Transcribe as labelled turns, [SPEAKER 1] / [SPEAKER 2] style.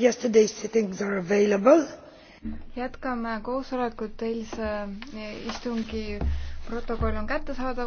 [SPEAKER 1] yesterday's sittings are available.
[SPEAKER 2] jätkame koosolekut eilse eh, istungi protokoll on kättesaadav.